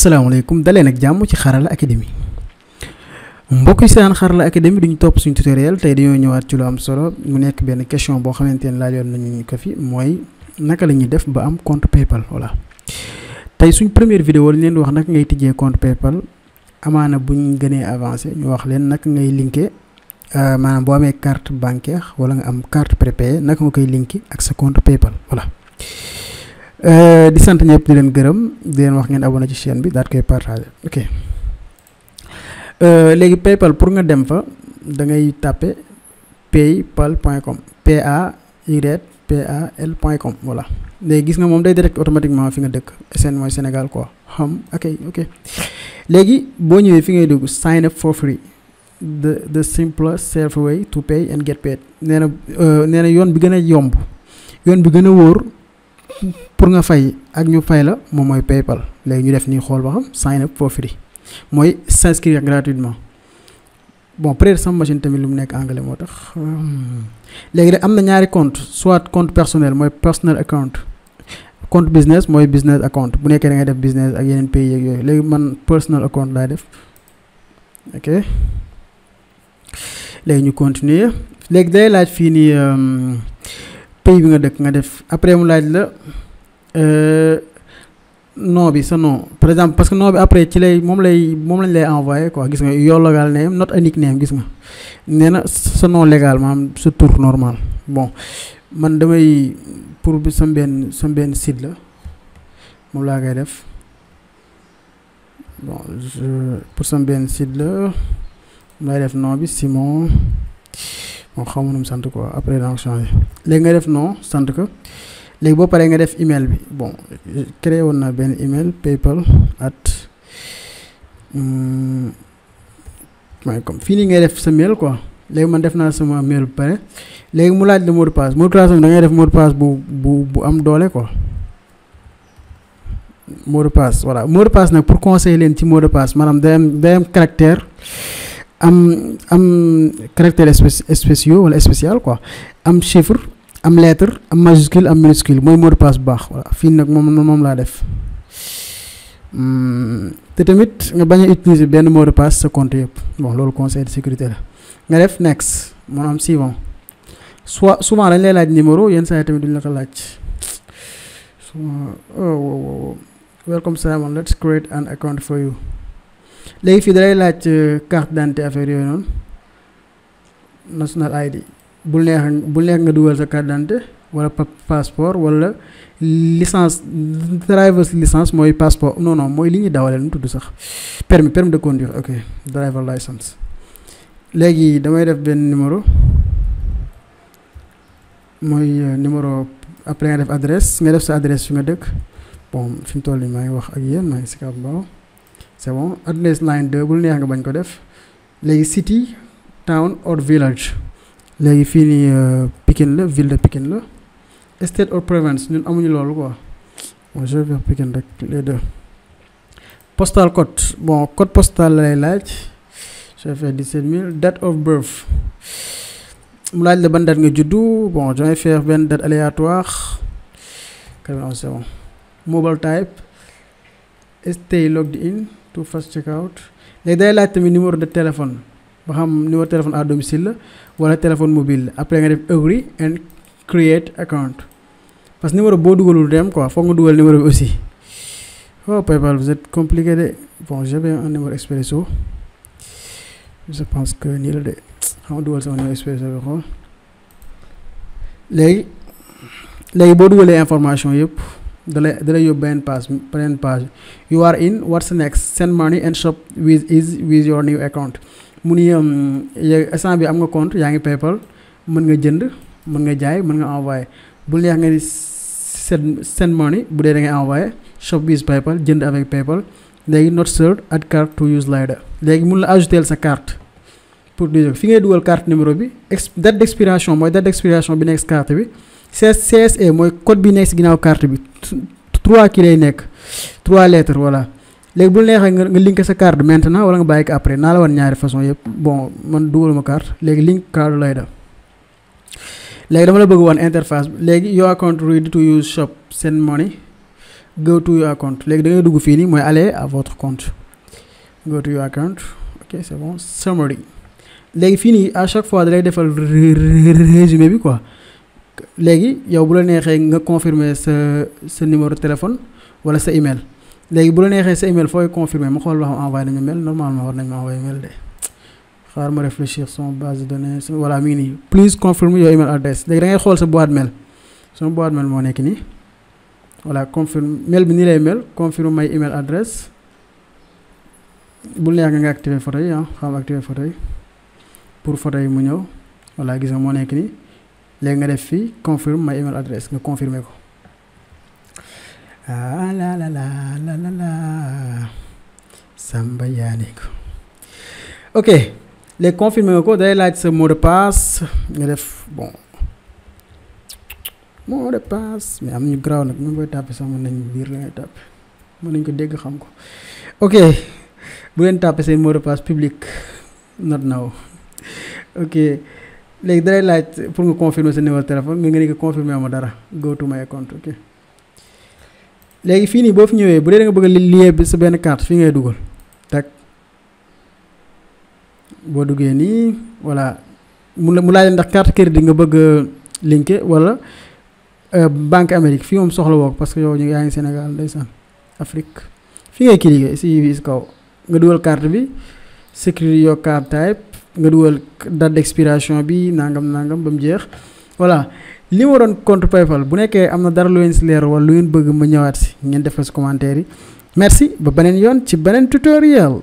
salaamaaleykum dalee nag jàmm ci xarala académie mbokk yi seen xarala académie duñu topp suñu tutoriel tey dañoo ñëwaat ci lu am solo mu nekk benn question boo xamante ne laajoon nañu ko fi mooy naka la ñuy def ba am compte paypal voilà tey suñ première vidéo lañ leen wax nag ngay tijjee compte paypal amaana ñu gënee avancé ñu wax leen naka ngay linké euh, maanaam boo amee carte bancaire wala nga am carte prépayée naka nga koy linké ak sa compte paypal voilà. Euh, di sant ñëpp di leen gërëm di leen wax ngeen abonné ci chaîne bi daal koy partagé ok euh, léegi paypal pour nga dem fa da ngay tàppe paypal point com p a y p a l point com voilà gis nga moom day direct automatiquement fi nga dëkk SN mooy Sénégal quoi xam ok léegi boo ñëwee fi ngay dugg sign up for free the the simple safe way to pay and get paid nee na euh, nee na yoon bi gën a yomb yoon bi gën a wóor pour nga fay ak ñu fay la moom mooy PayPal léegi ñu def nii xool ba xam sign up for free mooy s'inscrire gratuitement bon peut-être sama machine tamit lu mu nekk anglais moo tax hmm. léegi de am na ñaari compte soit compte personnel mooy personal account compte business mooy business account bu nekkee da ngay def business ak yeneen pays yeeg yooyu léegi man personal account laay def ok léegi ñu continuer léegi day laaj fii nii. Euh, pays nga après mu laaj la euh, bi par exemple parce que après ci lay moom lay lañ envoyé quoi gis nga your legal name not a nickname gis nga normal bon man pour bi benn la bon pour site la Simon. moom xamu nu sant quoi après da nga changé léegi nga def noon sant ko léegi boo paree nga def email bi bon créé woon naa benn email paypal at mooy hmm, comme fii nii ngay def sa mail quoi léegi man def naa sama mail bu pare léegi mu laaj la mot de passe mot de da ngay def mot de bu bu bu am doole ko mot de passe voilà mot de nag pour conseiller leen ci mot de passe maanaam day am day am am caractère spéciaux wala spécial quoi am chiffre am lettre am majuscule am minuscule moy mot de passe bax voilà fi nak mom mom la def hmm té tamit nga baña utiliser ben mot de passe sa compte yëpp bon loolu conseil de sécurité la nga def next mon am suivant soit souvent dañ lay laaj numéro yeen sa tamit duñ la ko laaj souvent oh oh, oh, welcome Simon let's create an account for you léegi fii dalay laaj euh, carte d'identité affaire yooyu noonu national ID bul neex bul neex nga dugal sa carte d'identité wala passeport wala licence driver's licence mooy passeport non non mooy li ñuy dawalee nu tudd sax permis de conduire ok driver license léegi damay def benn numéro mooy euh, numéro après nga def adresse nga def sa adresse fi nga dëkk bon fi mu toll nii maa ngi wax ak yéen maa c' est bon line 2 bul neex nga bañ ko def léegi city town or village léegi fii nii euh, Pikine la ville de Pikine la state or province ñun amuñu loolu quoi bon je vais Pikine rek les deux postal laaj je fais 17000 date of birth mu laaj la ban date nga juddu bon je vais faire benn date aléatoire mobile type. stay logged in to fast checkout léegi day laaj tamit numéro de téléphone ba xam numéro téléphone à domicile la wala téléphone mobile la après nga def agree and create account parce que numéro boo dugalul dem quoi foog nga dugal numéro bi aussi oh PayPal vous êtes compliqué de bon j'ai bien un numéro expresso je pense que nii la de xam nga dugal sama numéro expresso bi xool léegi léegi boo dugalee information yëpp. the, the you ban pass ban pass you are in what's next send money and shop with is with your new account muni um instant bi am nga compte yaa ngi paypal mën nga jënd mën nga jaay mën nga envoyé bu neex nga ni send send money bu dee da ngay envoyé shop with paypal jënd avec paypal léegi not served add card to use later léegi mun la ajouter sa carte pour di fi ngay dugal carte numéro bi date d'expiration mooy date d'expiration bi nekk carte bi CSE mooy code bi nekk si ginnaaw carte bi trois ki lay nekk trois lettres voilà léegi bu neexee nga link sa card maintenant wala nga bàyyi ko après naa la wan ñaari façon yëpp bon man dugaluma carte léegi link carte lay def léegi dama la bëgg wan interface léegi your account ready to use shop send money go léegi da dugg fii nii mooy aller à votre compte go to your account ok c'est bon léegi fii nii a chaque fois da lay defal résumé bi quoi. léegi yow bu la neexee nga confirmer sa sa numéro de téléphone wala sa email léegi bu la neexee sa email fooy confirmer ma xool wax xam envoyé nañu mail normalement war nañ ma envoyé mail de xaar ma réfléchir son base de données voilà mi ngi nii please confirm your email adresse léegi da ngay xool sa boîte mail son boîte mail moo nekk nii voilà confirm mail bi nii lay mel confirm my email adresse bu neex nga nga activer photo yi ah xam activer photo yi pour photo yi mu ñëw voilà gis nga moo nekk nii les nga confirme ma email adresse me confirmer ko ah la la la la la la Samba ok les confirmer ko là mot de passe bon mot de passe mais amni nak Je biir pas taper. xam ko ok bu taper mot de passe public not now ok léegi dalay laaj pour nga confirmer sa numéro téléphone nga ne ko confirmer ma dara go to my account ok léegi fii nii boo fi ñëwee bu dee da nga bëgg a lier bi sa benn carte fii ngay dugal tak boo duggee nii voilà mu mu laaj ndax carte crédit nga bëgg linké wala euh, banque Amérique fii moom soxla woo parce que yow yaa ngi Sénégal ndeysaan Afrique fi ngay cliquer si kaw nga dugal carte bi sécurité your carte type nga dugal date d'expiration bi nangam nangam ba mu jeex voilà li ma waroon compte Paypal bu nekkee am na dara lu leen si leer wala lu leen bëgg ma ñëwaat si ngeen defee si commentaire yi merci ba beneen yoon ci beneen tutoriel.